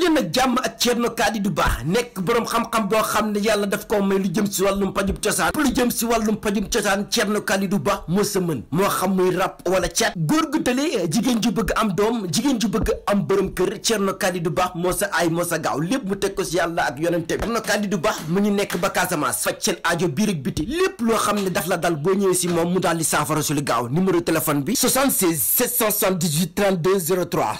leen a jàmm ak Thierno Kalidou Ba nekk boroom xam-xam boo xam ne yàlla daf koo may lu jëm si wàllum pajum cosaan lu jëm si wàllum pajum cosaan Thierno Kalidou Ba moo sa mën moo xam muy rap wala cat góor gu tële jigéen ju bëgg am doom jigéen ju bëgg am boroom kër Thierno Kalidou Ba moo sa aay moo sa gaaw lépp mu teg ko si yàlla ak yonente bi Thierno Kalidou Ba mu ngi nekk ba Casamance faj seen aajo biir ak biti lépp loo xam ne daf la dal boo ñëwee si moom mu daal di saafara su lu gaaw numéro téléphone bi 76 778 32